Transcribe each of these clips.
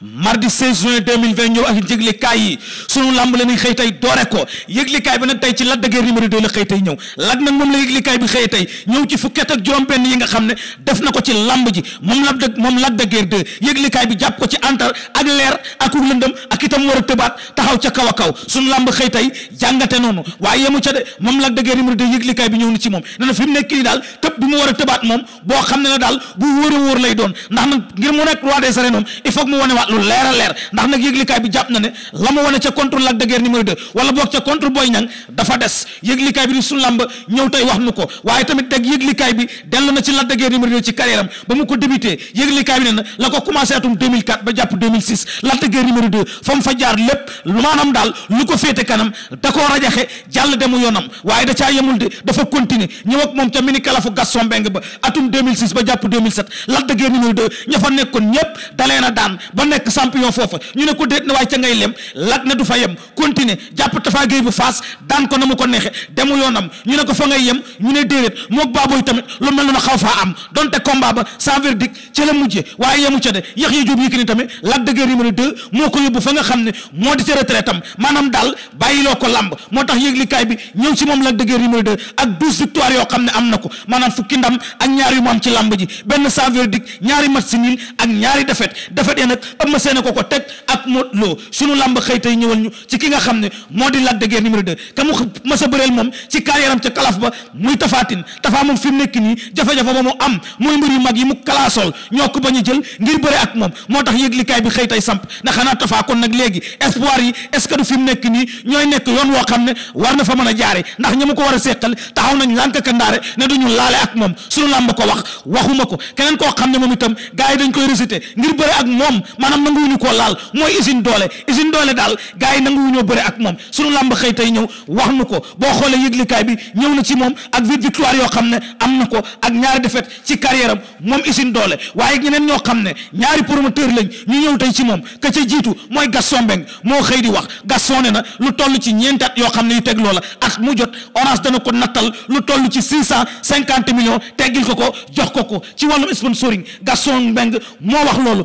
mardi 16 juin 2020 ñëw ak yëglekaay yi sunu làmb la ñuy xëy tey doore ko yëglekaay bi nag tey ci Lac de Guiers numéro la xëy tey ñëw Lac nag moom la yëglekaay bi xëy tey ñëw ci fukket ak juróom-benn yi nga ne def na ko ci làmb ji moom Lac de bi jàpp ko ci antar ak leer ak lëndëm ak itam war a tëbaat taxaw ca kaw a kaw sunu làmb xëy tey jàngate noonu waaye yemu ca de moom Lac de Guiers numéro 2 yëglekaay bi ñëw na ci moom ne na fi mu nekk nii daal tëb bi mu war a tëbaat moom boo xam ne ne daal bu wóor a wóor lay doon ndax lu leer a leer ndax nag yëglikaay bi jàpp na ne la mu wane ca contre Lac de Guiers numéro 2 wala boog ca contre Boy Niang dafa des yëglikaay bi di suñu làmb ñëw tey wax nu ko waaye tamit teg yëglikaay bi dellu na ci Lac de Guiers numéro ci carrière ba mu ko débuté yëglikaay bi ne na la ko commencé atum 2004 ba jàpp 2006 Lac de Guiers numéro 2 fa mu fa jaar lépp lu maanaam daal lu ko féete kanam da ba jàpp 2007 Lac de Guiers ña fa nekkoon ñëpp dalee daan ba nekk nekk champion foofa ñu ne ko déet na waaye ca ngay lem lat ne du fa yem continuer jàpp Tapha Gueye bu faas daan ko na mu ko ne ko fa ngay yem ñu ne déedéet mook baaboy tamit lu mel na xaw faa am donte combat ba sans verdict la mujje waaye yemu ca de yax ya jóob Yékini tamit Lac de Guiers numéro deux moo ko yóbbu fa nga xam ne moo di ca retraite am maanaam daal bàyyiloo ko làmb moo tax yëglikaay bi ñëw si moom la de Guiers numéro deux ak douze victoires yoo xam ne am na ko maanaam fukki ndam ak ñaar yu mu am ci làmb ji benn sans verdict ñaari match nul ak ñaari défaite défaite ya nag ëmma seen ko ko teg ak Modou Lo sunu làmb xëy tey ñëwal ñu ci ki nga xam ne moo di Lac de Guiers numéro 2 ka mu mas a bëreel moom ci carrière am ca kalaf ba muy tafaatin tafaa moom fi mu nii jafe-jafe yu mag yi mu kalaasool ñoo ko bañ a jël ngir bëre ak moom moo tax yëglikaay bi xëy tey samp na xanaa tafaa kon nag léegi yi fi mu nekk nii ñooy nekk yoon woo xam ne war na fa a jaare ndax ñi ko war a seqal taxaw nañ lànk ka ndaare ne du ñu laale ak moom sunu ko wax waxuma ko keneen koo xam ne moom itam gars yi dañ koy récité ngir bëre ak moom maanaam am nanguwuñu koo laal mooy usine doole usine doole daal gars yi nanguwuñoo bëre ak moom sunu làmb xëy tey ñëw wax nu ko boo xoolee kaay bi ñëw na ci moom ak huit victoire yoo xam ne am na ko ak ñaari défaite ci carrière am moom usine doole waaye ñeneen ñoo xam ne ñaari promoteur lañ ñu ñëw tey ci moom ka ca jiitu mooy Gaston Mbengue moo xëy di wax Gaston ne na lu toll ci ñeenti yoo xam ne yu teg loola at mu jot orange dana ko nattal lu toll ci six cent cinquante millions teggil ko ko jox ko ko ci wàllum sponsoring Gaston Mbengue moo wax loolu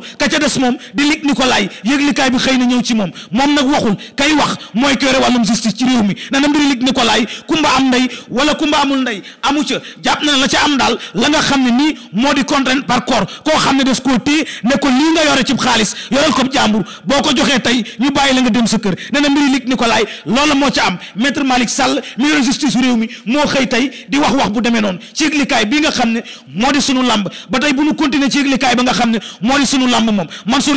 di lig Nikolaay yëglikaay bi xëy na ñëw ci moom moom nag waxul kay wax mooy koy yore wàllum justice ci réew mi nana mbiri lig Nikolaay kumba am ndey wala kumba amul ndey amu ca jàpp na la ci am daal la nga xam ne nii moo di contrainte par corps koo xam ne des koo téye ne ko lii nga yore cib xaalis yoreel ko jàmbur boo ko joxee tey ñu bàyyi la nga dem sa kër ne na mbiri lig Nikolaay loola moo ca am maître Malick Sall mi yore justice réew mi moo xëy tey di wax wax bu demee noonu ci yëglikaay nga xam ne moo di sunu lamb ba tey bu ñu continuer ci yëglikaay ba nga xam ne moo di sunu lamb moom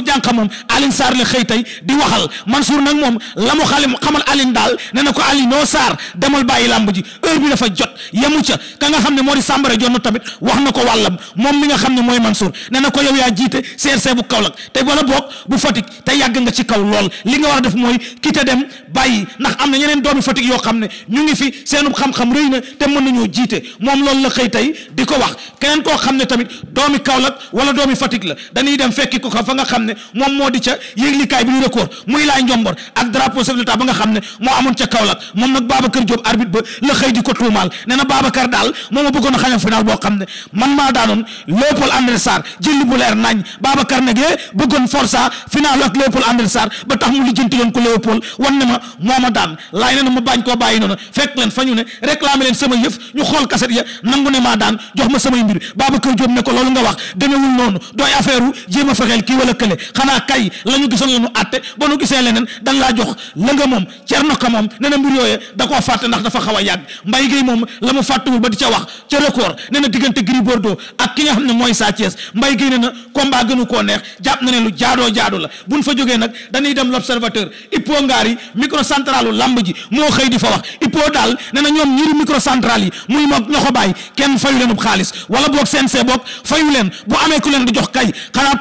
jànq moom Alioune saar la xëy tey di waxal Mansour nag moom la mu xalim xamal Alioune daal ne na ko Alioune noo Sarr demal bàyyi làmb ji heure bi dafa jot yemu ca ka nga xam ne moo di Sambara Jonn tamit wax na ko wàllam moom mi nga xam ne mooy Mansour ne na ko yow yaa jiite CRC bu Kaolack te wala boog bu Fatick te yàgg nga ci kaw lool li nga war a def mooy kite dem bàyyi ndax am na ñeneen doomi Fatick yoo xam ne ñu ngi fi seenu xam-xam rëy na te mën nañoo jiite moom loolu la xëy tey di ko wax keneen koo xam ne tamit doomi Kaolack wala doomi Fatick la dañuy dem fekki ko fa nga xam ne moom moo di ca yéeglikaay bi ñu record muy laay njombor ak drapeau chef ba nga xam ne moo amoon ca Kaolack moom nag Babacar Diop arbitre ba la xëy di ko tuumaal ne na baaba Babacar daal moom a bëggoon a boo xam ne man maa daanoon Léopold André Sarr jëlli bu leer nañ Babacar nag yee bëggoon forsa final ak Léopold André Sarr ba tax mu lijjanti loon ko Léopold wan ne ma moo ma daan laay nee na ma bañ koo bàyyi noonu fekk leen fa ñu ne réclamer leen sama yëf ñu xool kaset ya nangu ne maa daan jox ma sama samay mbir Babacar Diop ne ko loolu nga wax demewul noonu dooy affaire u jéem a fexeel kii wala xanaa kay la ñu gisoon la ñu àtte ba nu gisee leneen dañ laa jox la nga moom cerno ka moom nee na mbir yooyee da koo fàtte ndax dafa xaw a yàgg mbay géey moom la mu fàttewul ba di ca wax ca record nee na diggante Gris Bordeaux ak ki nga xam ne mooy Sa Thiès mbay géey nee na combat gënu koo neex jàpp na ne lu jaadoo jaadu la buñ fa jógee nag dañuy dem l'observateur ipo ngaar yi microcentralu lamb ji moo xëy di fa wax ipo daal nee na ñoom ñiiri microcentral yi muy moog loxo bàyyi kenn fayu leenub xaalis wala boog CNC boog fayu leen bu amee ku leen di jox kay xanaa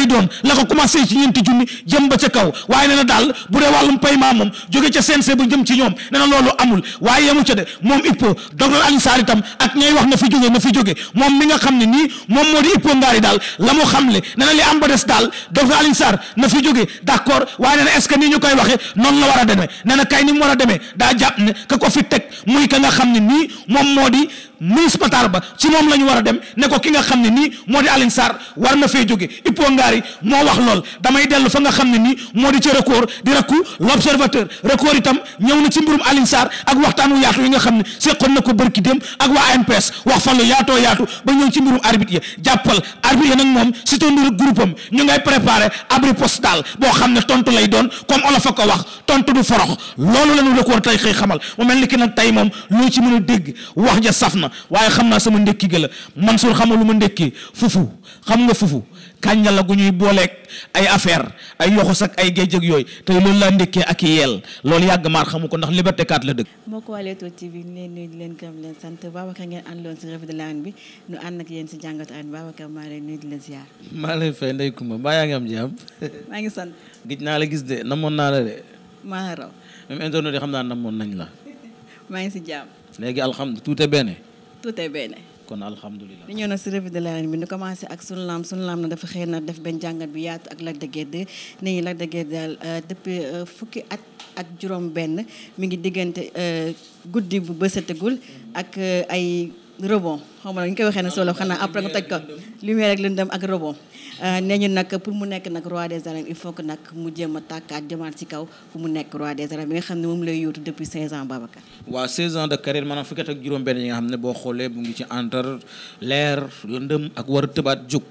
lay doon la ko commencé ci ñeenti junni jëm ba ca kaw waaye nee na wax na fi jóge moom mi nga xam ne nii moom moo di IPPO ngaari daal la mu na li am des daal docteur Alioune na fi jóge d'accord waaye nee na est-ce que ñu koy waxee noonu war a demee nee na daa jàpp ne ka ko fi teg muy ka nga xam ne nii moom moo di ministre Matar Ba ci moom la ñu war a dem ne ko ki nga xam ne nii moo di Alioune Sarr war na fee jóge IPPO ngaari Bougari moo wax lool damay dellu fa nga xam ne nii moo di ca record di rakku l'observateur record itam ñëw na ci mbirum Alioune Sarr ak waxtaanu yaatu yi nga xam ne seqoon na ko bërki dem ak waa ANPS wax fa lu yaatoo yaatu ba ñëw ci mbirum arbitre yi jàppal arbitre yi nag moom si tondu groupe am ñu ngay préparé abri postal boo xam ne tontu lay doon comme olof a ko wax tontu du forox loolu la ñu record tey xëy xamal mu mel ni ki nag tey moom loo ci mën a dégg wax ja saf na waaye xam naa sama ndékki ga la Mansour xamal lu ma ndékki fufu xam nga fufu kànja la gu ñuy booleeg ay affaire ay yoxos ak ay géej ak yooyu tey loolu laa ndekkee ak yeel loolu yàgg maar xamu ko ndax liberté 4 la dëkk moo ko waa Leewtoo TV ñu leen nuyu di leen gërëm leen sant Babacar ngeen ànd loon si revue de l'arène bi la ziar maa lay fay ndey Kumba baa ngi am jàmm maa ngi sant gis naa la gis de namoon naa la de maa la raw même internet yi xam naa namoon nañ la maa ngi si jàmm léegi alhamdulilah tuute benn kon alhamdulilah. ñu na si revue de l'arène bi ñu commencé ak sunu laam sunu laam na dafa xëy na def benn jàngat bu yaatu ak Lac de Guiers nee ñu Lac daal euh, depuis euh, fukki at ak juróom benn mi ngi diggante euh, guddi bu bësatagul ak ay. rebond xam nga ñu koy waxee ne solo xanaa après nga toj ko lumière ak lëndëm ak rebond euh, nee ñu nag pour mu nekk nag roi des arènes il faut que nag mu jéem a tàkkaat jëmaat ci kaw pour mu nekk roi des arènes bi nga xam ne moom lay yóotu depuis 16 ans Babacar waaw 16 ans de carrière maanaam fukki at ak juróom-benn yi nga xam ne boo xoolee mu ngi ci entre leer lëndëm ak war a tëbaat jóg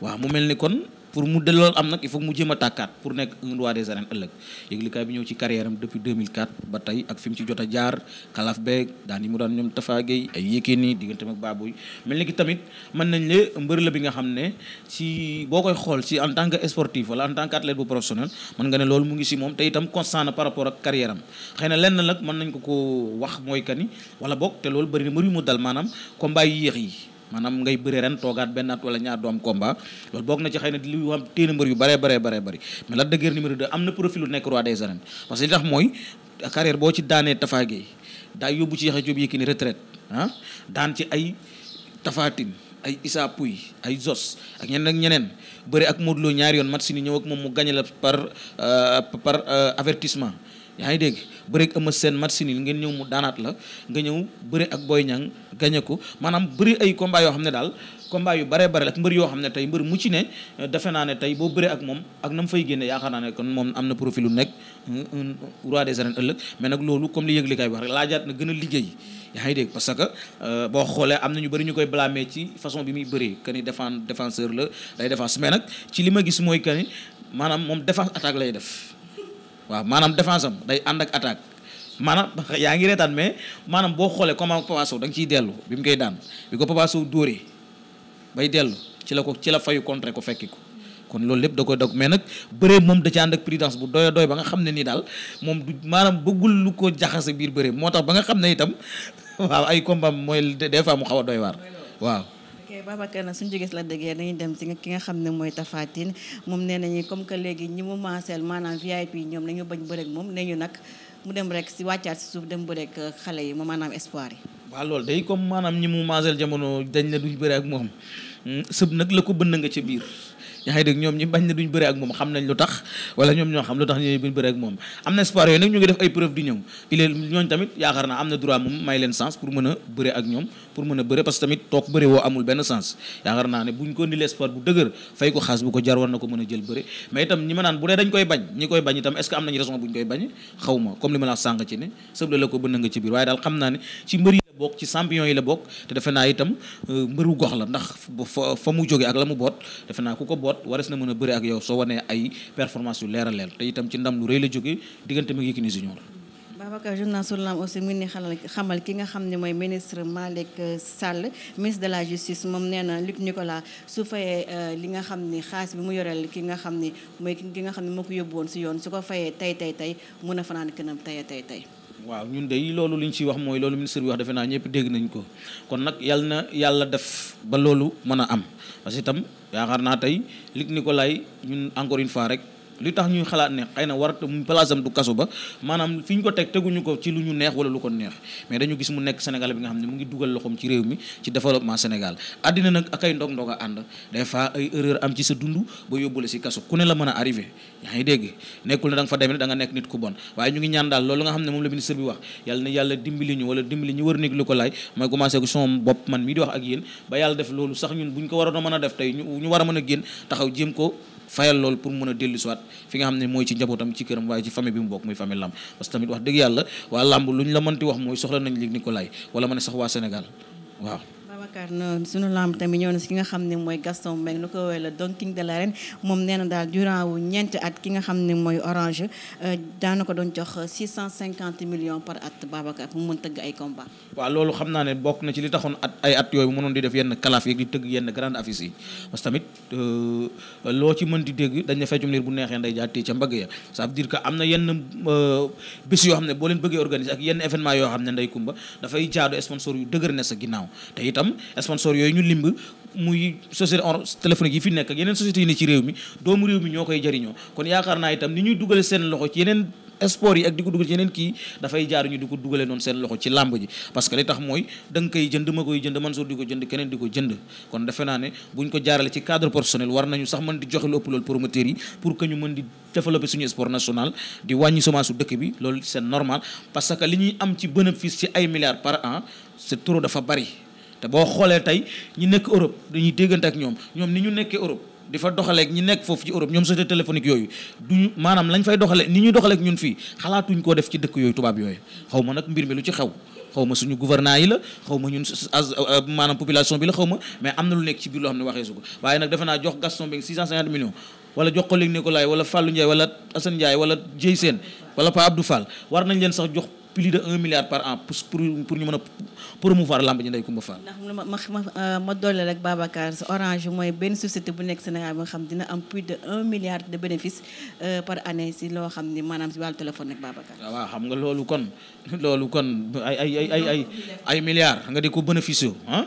waaw mu mel ni kon pour mu de loolu am nag il faut mu jéem a tàkkaat pour nekk un roi des arènes ëllëg yëglikaay bi ñëw ci carrière am depuis 2004 ba tey ak fi mu ci jot a jaar kalaf beeg daan yi mu daan ñoom Tafa Gueye ay Yékini diggante ak Baboy mel ni ki tamit mën nañ le mbër la bi nga xam ne ci boo koy xool ci en tant que sportif wala en tant que athlète bu professionnel mën nga ne loolu mu ngi ci moom te itam constant na par rapport ak carrière am xëy na lenn nag mën nañ ko ko wax mooy kani wala boog te loolu bëri na mbër yu mu dal maanaam combat yi yéex yi maanaam ngay bëre ren toogaat benn at wala ñaar doom combat loolu bokk na ci xay na li am téena mbër yu bare bare bare bëri mais Lac de Guiers numéro de am na profil nekk roi des arènes parce que li tax mooy carrière boo ci daanee Tapha Gueye yóbbu ci yaxe jób Yékini retraite ah daan ci ay Tapha Tine ay Issa Pouye ay Zos ak ñeneen ñeneen bëri ak Modou Lo ñaari yoon si ni ñëw ak moom mu gagné la par euh, par euh, avertissement yaa ngi dégg bëre ak Eumeu Sène match nul ngeen ñëw mu daanaat la nga ñëw bëre ak Boy Niang gañe ko maanaam bëri ay combat yoo xam ne daal combat yu bare bare ak mbër yoo xam ne tey mbër mu ci ne defe naa ne tey boo bëree moom ak na mu fay génne yaakaar naa kon moom am na lu nekk roi des arènes ëllëg mais nag loolu comme li yëgle kay wax rek laajaat na gën a yaa ngi dégg parce que euh, boo xoolee am na ñu bëri ñu koy blâmer ci façon bi muy bëree que ni défense défenseur la day défense mais nag ci li ma gis mooy que ni maanaam moom défense attaque lay def. waaw maanaam défense am day ànd ak attaque maanaam yaa ngi reetaan mais maanaam boo xoolee comment Papa Sow da ciy dellu bi mu koy daan bi ko Papa Sow dóoree bay dellu ci la ko ci la fayu contre ko fekki ko kon loolu lépp da koy dog mais nag bëree moom da ci ànd ak prudence bu doy doy ba nga xam ne nii daal moom du maanaam bëggul lu ko jaxase biir bëree moo tax ba nga xam ne itam waaw ay combat mooy des fois mu xaw a doy waar waaw Babacar nag suñu jógee si la dëggee dañuy dem si ki nga xam ne mooy Tapha moom nee nañu comme que léegi ñi mu maaseel maanaam VIP ñoom nañu bañ bërek moom nee ñu nag mu dem rek si wàccaat si suuf dem bërek xale yi ma maanaam espoir yi waa loolu day comme maanaam ñi mu maaseel jamono dañ ne duñ bëri ak moom mm, sëb nag la ko bënn nga ca biir yaa ngi dégg ñoom ñi bañ na duñ bëre ak moom xam nañ lu tax wala ñoom ñoo xam lu tax ñu buñ ñu ngi def ay preuve di ñëw il ñooñ tamit yaakaar naa am na droit moom may leen sens pour mën a bëre ak ñoom pour mën a bëre parce itam ñi ma naan bu dee dañ koy bañ ñi koy bañ itam est ce que am nañu raison buñ koy bañ xaw comme li ma la sànq ci ne sëble la ko bënn nga ci biir waaye daal xam naa ne ci mbër bokk ci champion yi la bokk te defe naa itam euh, mbëru gox la ndax fa mu jóge ak la mu boot defe naa ku ko boot wares na mën a bëre ak yow soo wanee ay performance yu leer te itam ci ndam lu rëy la jóge diggante mi ngi Yékini Junior Babacar journal xamal xamal ki nga xam ne mooy ministre Malick Sall ministre de la justice moom nee na Luc Nicolas su fayee euh, li nga xam ni xaalis bi mu yoreel kii nga xam ni mooy ki nga xam ne moo ko yóbbu woon si yoon su ko fayee tey tey tey mun a fanaan kënam tey tey tey waaw ñun de loolu li ñu ciy wax mooy loolu ministre bi wax defe naa ñëpp dégg nañ ko kon nag yàlla na yàlla def ba loolu mën a am parce que itam yaakaar naa tey Luc Nicolaï ñun encore une fois rek. li tax ñuy xalaat ne xëy na war place am du kaso ba maanaam fi ñu ko teg teguñu ko lu ñu neex wala lu ko neex mais dañu gis mu nekk Sénégal bi nga xam ne mu ngi dugal loxoom ci réew mi ci développement Sénégal àddina nag ak ay ndog ndog a ànd des fois ay erreur am ci a arrivé yaa ngi ñu ngi ñaan daal loolu nga xam ne moom la ministre bi wax yàlla man loolu sax ñun buñ ko waroon a mën a def tey ñu war a mën a génn taxaw jéem ko fayal loolu pour mën a dellu siwaat fi nga xam ne mooy ci njabootam ci këram waaye ci famille bi mu bokk muy famille làmb parce que tamit wax dëgg yàlla waa làmb lu ñu la mënti wax mooy soxla nañ Luc Nicolaï wala ma ne sax waa Sénégal waaw yaakaar na sunu lamb tamit ñëw na si ki nga xam ne mooy Gaston Mbengue lu ko woowee la Don King de l'arène moom nee na daal durant wu ñeenti at ki nga xam ne mooy orange euh, daana ko doon jox 650 millions par at Babacar mu mën tëgg ay combat waaw loolu xam naa ne bokk na ci li taxoon at ay at yooyu mënoon di def yenn kalaaf yi di tëgg yenn grande affiche yi parce que tamit euh, loo ci mën di dégg dañ ne feccum liir bu neexee nday jaatee ca mbëgg ya ça veut dire que am na yenn euh, bis yoo xam ne boo bëggee organiser ak yenn événement yoo xam ne nday kumba dafay jaadu sponsor yu dëgër ne sa ginnaaw te itam sponsor yooyu ñu limb muy société en téléphonique yi fi nekk yeneen sociétés yi ne ci réew mi doomu réew mi ñoo koy jëriñoo kon yaakaar naa itam ni ñuy dugale seen loxo ci yeneen sport yi ak di ko dugal jaar ñu di ko dugalee noonu seen loxo ci làmb ji parce que li tax mooy da nga koy jënd ma koy jënd man soo di ko jënd keneen di ko jënd kon defe naa ne buñ ko jaarale ci cadre professionnel war nañu sax mën di joxe lu ëpp loolu promoteurs yi pour que ñu mën di développer suñu sport national di wàññi semence bi loolu c'est normal parce que li ñuy am ci bénéfice ci ay milliards par an c'est dafa bari te boo xoolee tey ñi nekk Europe dañuy déggante ak ñoom ñoom ni ñu nekkee Europe di fa doxalee ak ñi nekk foofu ci Europe ñoom société téléphonique yooyu duñu maanaam lañ fay doxalee ni ñuy doxalee ak ñun fii xalaatuñ ko def ci dëkk yooyu tubaab yooyu xaw ma nag mbir mi lu ci xew xaw ma suñu gouvernement yi la xaw ma ñun euh, maanaam population bi la xaw ma mais am na lu nekk ci biir loo xam ne waxee su ko waaye nag defe naa jox Gaston Mbengue 650 millions wala jox ko léegi Nicolas wala Fallou Ndiaye wala Assane Ndiaye wala Dieye Sène wala Pa Abdou war nañ leen sax jox plus de un milliard par an pour pour ñu mën a promouvoir lamb ji Ndeye Coumba Fall. ndax ma ma euh, ma dooleel ak Babacar Orange mooy benn société bu nekk Sénégal boo xam dina am plus de un milliard de bénéfice euh, par année si loo xam ni maanaam si wàllu téléphone ak Babacar. Ah waaw xam nga loolu kon loolu kon ay ay ay ay ay milliards nga de ko bénéficier ah.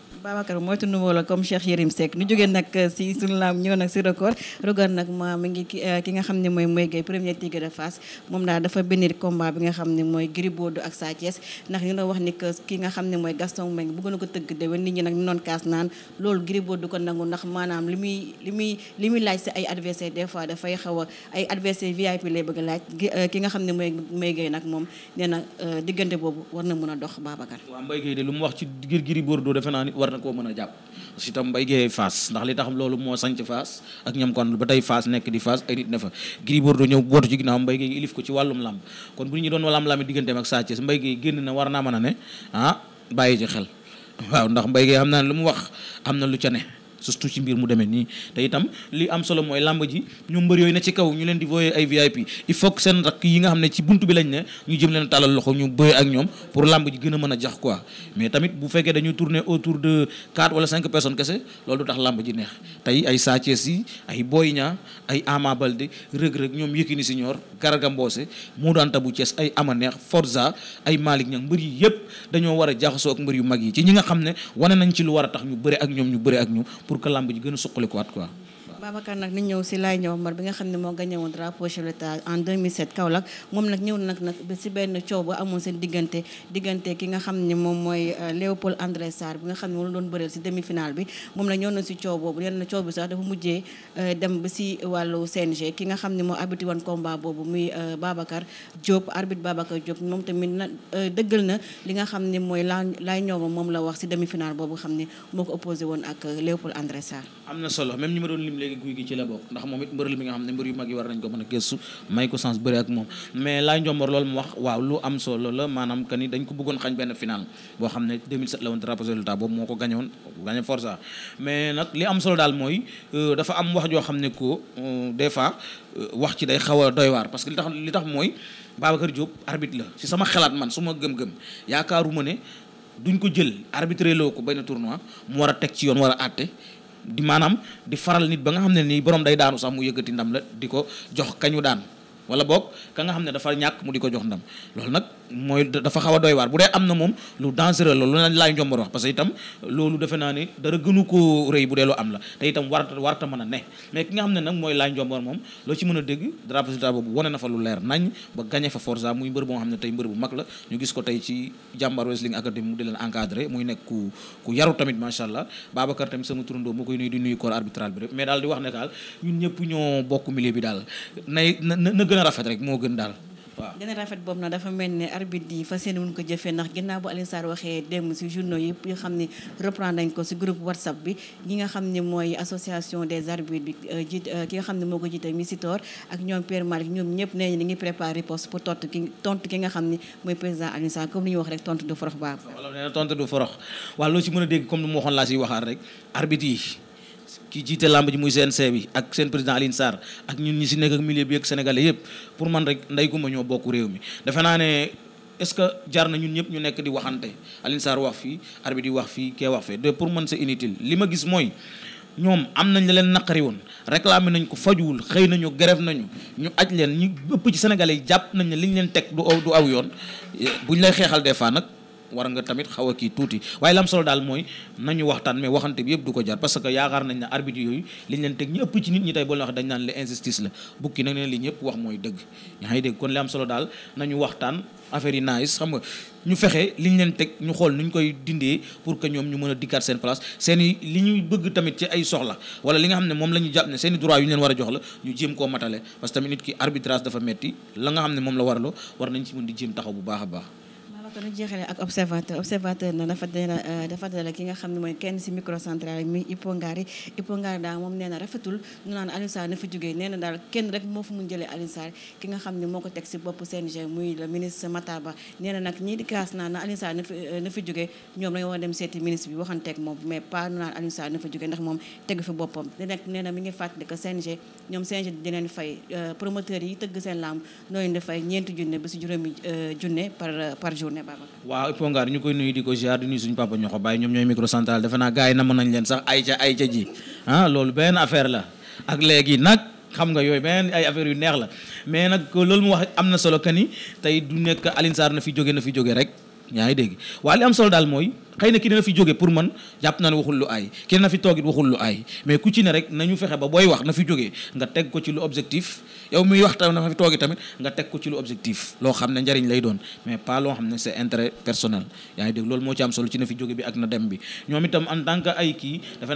Babacar mooy tu numéro la comme Cheikh Yérim Seck ñu jógee nag euh, si suñu laam ñëw nag si record record nag ma mi ngi ki euh, nga xam ne mooy mooy gay premier tigre de Fass moom daal dafa bénir combat bi mooy Gris Bordeaux na ko tëgg déwén nit ñi nag ñu noon kaas naan loolu Gris Bordeaux ko nangu ndax maanaam li muy li muy li muy laaj si ay adversaire des fois dafay xaw a ay adversaire VIP lay bëgg laaj euh, ki nga xam ne mooy mooy gay nag moom nee na diggante boobu war na mën a dox Babacar waaw Mbaye Gueye de lu mu wax ci Gris Bordeaux defe naa war na koo mën a jàpp parce que itam mbay géeyee Fass ndax li taxam loolu moo sanc Fass ak ñoom kon ba tey Fass nekk di Fass ay nit ne fa Gris Bordeaux ñëw bootu ci ginnaaw mbay géey ilif ko ci wàllum làmb kon bu ñu doon lam-lami digganteem ak Sa Thiès mbay géey génn na war naa mën a ne ah, bàyyi ci xel waaw ndax mbay géey xam naa ne lu mu wax am na lu ca surtout ci mbir mu demee nii te itam li am solo mooy làmb ji ñu mbër yooyu ne ci kaw ñu leen di voyé ay VIP il faut que seen rakk yi nga xam ne ci buntu bi lañ ne ñu jëm leen tàllal loxo ñu bëy ak ñoom pour làmb ji gën a mën a jax quoi mais tamit bu fekkee dañuy tourner autour de quatre wala cinq personnes kese loolu du tax làmb ji neex tey ay Sa Thiès yi ay Boy Niang ay Ama Baldé rëg-rëg ñoom Yékini Senior Garga Mbossé Modou Anta bu Thiès ay Ama Neex Forza ay Malick Niang mbër yi yépp dañoo war a jaxasoo ak mbër yu mag yi ci ñi nga xam ne wane nañ ci lu war a tax ñu bëre ak ñoom ñu bëre ak ñu pour que làmb ji gën a suqalikuwaat quoi Babacar nag ni ñëw si Laye Ndiaw Mar bi nga xam ne en 2007 Kaolack moom diggante ki nga xam ne moom mooy euh, Léopold André Sarr bi nga xam ne moom la doon bëreel si demi finale bi moom na si coow boobu leen na coow bi sax dafa euh, dem ba si wàllu CNG ki nga xam ne moo arbitre woon combat boobu muy euh, Babacar Diop arbitre Babacar Diop moom tamit na dëggal na li nga xam ne mooy Laye Ndiaw Mar moom la wax si demi finale boobu xam ni moo ko opposé woon ak Léopold André Sarr am na solo même ñi ma doon lim léegi léegi guy gi ci la bokk ndax moom it mbëral mi nga xam ne mbër yu mag yi war nañ ko mën a gëstu may ko sens bëri ak moom mais laay njomboor loolu mu wax waaw lu am solo la maanaam que ni dañ ko bëggoon xañ benn final boo xam ne 2007 la woon drapeau résultat boobu moo ko gañoon gañe força mais nag li am solo daal mooy euh, dafa am wax joo xam ne ko euh, des fois euh, wax ci day xaw a doy waar parce que li tax li tax mooy Babacar Diop arbitre la si sama xalaat man su ma gëm-gëm yaakaaruma ne duñ ko jël arbitré loo ko benn tournoi mu war teg ci yoon a àtte di maanaam di faral nit ba nga xam ne nii borom day daanu sax mu yëkkati ndam la di ko jox kañu daan wala boog ka nga xam ne dafa ñàkk mu di ko jox ndam loolu nag mooy dafa xaw a doy waar bu dee am na moom lu dangereux la lu nañ laay njombar wax parce que itam loolu defe naa ne dara gënu ko rëy bu dee lu am la te itam war warta mën a ne mais ki nga xam ne nag mooy laay njombar moom loo ci mën a dégg dara résultat boobu wane na fa lu leer nañ ba gagné fa Forza muy mbër boo xam ne tey mbër bu mag la ñu gis ko tey ci jàmbaar wrestling academy mu di leen encadré muy nekk ku ku yaru tamit macha allah Babacar tamit sama turandoo mu koy nuyu di nuyu corps arbitral bi di wax ne daal ñun ñëpp ñoo bokk milieu bi daal nay na na gën a moo gën daal dina rafet boobu na dafa mel ni arbitre yi fas yéene wuñ ko jëfee ndax ginnaaw bu Alioune waxee démb si journaux yi yoo xam ne reprendre nañ ko si groupe whatsapp bi ñi nga xam ne mooy association des arbitres bi euh, jiit euh, ki nga xam ne moo ko jiite Misitor ak ñoom Pierre Malick ñoom ñëpp nee ñi ngi préparé riposte pour tontu ki tontu ki nga xam ne mooy président Alioune Sarr comme li ñu wax rek tontu du forox baax wala nee na loo si mën a dégg comme ni mu waxoon laa si waxaat rek arbitre yi kii jiite lamb ji muy CNC bi ak seen président Alioune Sarr ak ñun ñi si nekk ak milieu bi ak sénégalais yëpp pour man rek nday guma ñoo bokk réew mi defe naa ne est-ce que jar na ñun ñëpp ñu nekk di waxante Alioune Sarr wax fii arbitre di wax fii kee wax fee de pour man sa inutile li ma gis mooy ñoom am nañ la leen naqari woon réclamé nañ ko fajuwul xëy nañu grève nañu ñu aj leen ñu ëpp ci sénégalais yi jàpp nañ ne liñ leen teg du aw du aw yoon bu ñu lay xeexal des fois nag war nga tamit xaw a kii tuuti waaye lam solo daal mooy nañu waxtaan mais waxante bi yëpp du ko jar parce que yaakaar nañ ne arbitre yooyu liñ leen teg ñu ëpp ci ñi tey boo leen wax dañ naan le injustice la bukki nag ne li ñëpp wax mooy dëgg ñaa ngi dégg kon li ñu leen teg ñu xool nuñ koy dindee pour que ñoom ñu mën a seen place seen li ñuy bëgg tamit ci ay soxla wala li nga xam ne moom la ñu jàpp ne seen i yu ñu leen war a jox la ñu jéem koo matale parce que tamit nit ki arbitrage dafa metti la nga xam ne moom la war warloo war nañ ci mën di jéem taxaw bu baax a baax kon ñu jeexale ak observateur observateur na dafa dina euh, dala ki nga xam ne mooy kenn si microcentrale mi Hippo Ngary Hippo Ngary daal moom nee na rafetul ñu naan Alioune Sarr na fa nee na daal kenn rek moo fa mun jëlee Alioune Sarr ki si bopp CNG muy le ministre nag ñii di na Alioune Sarr na fa euh, na fa jógee ñoom dañoo war a moom mais pas ñu naan Alioune Sarr moom tegu fi boppam na mi ngi fàttali que CNG ñoom CNG di leen fay euh, promoteurs yi tëgg seen lamb nooñu dafay ñeenti junne ba si juróomi junne par journée ne Babacar. waaw Ipongaar ñu koy nuyu di ko ziar di nuyu suñu papa ñoxo bàyyi ñoom ñooy microcentral defe naa gars yi namoon nañ leen sax ayca ayca ji ah, loolu benn affaire la ak léegi nag. xam nga yooyu beneen ay affaire yu neex la mais nag ko loolu mu wax am na solo que ni tey du nekk Alioune na fi jóge na fi jóge rek yaa ngi dégg waaye li am solo daal mooy xëy na ki dina fi jóge pour man jàpp naa ne waxul lu aay ki dina fi toogit waxul lu aay mais ku ci ne rek nañu fexe ba booy wax na fi jógee nga teg ko ci lu objectif muy wax tam na fi toogi tamit nga teg ko ci lu objectif loo xam ne njariñ lay doon mais pas loo xam ne c'est intérêt personnel yaa ngi dégg loolu moo ci am solo ci na fi jóge bi ak na dem bi ñoom itam en tant ay kii dafa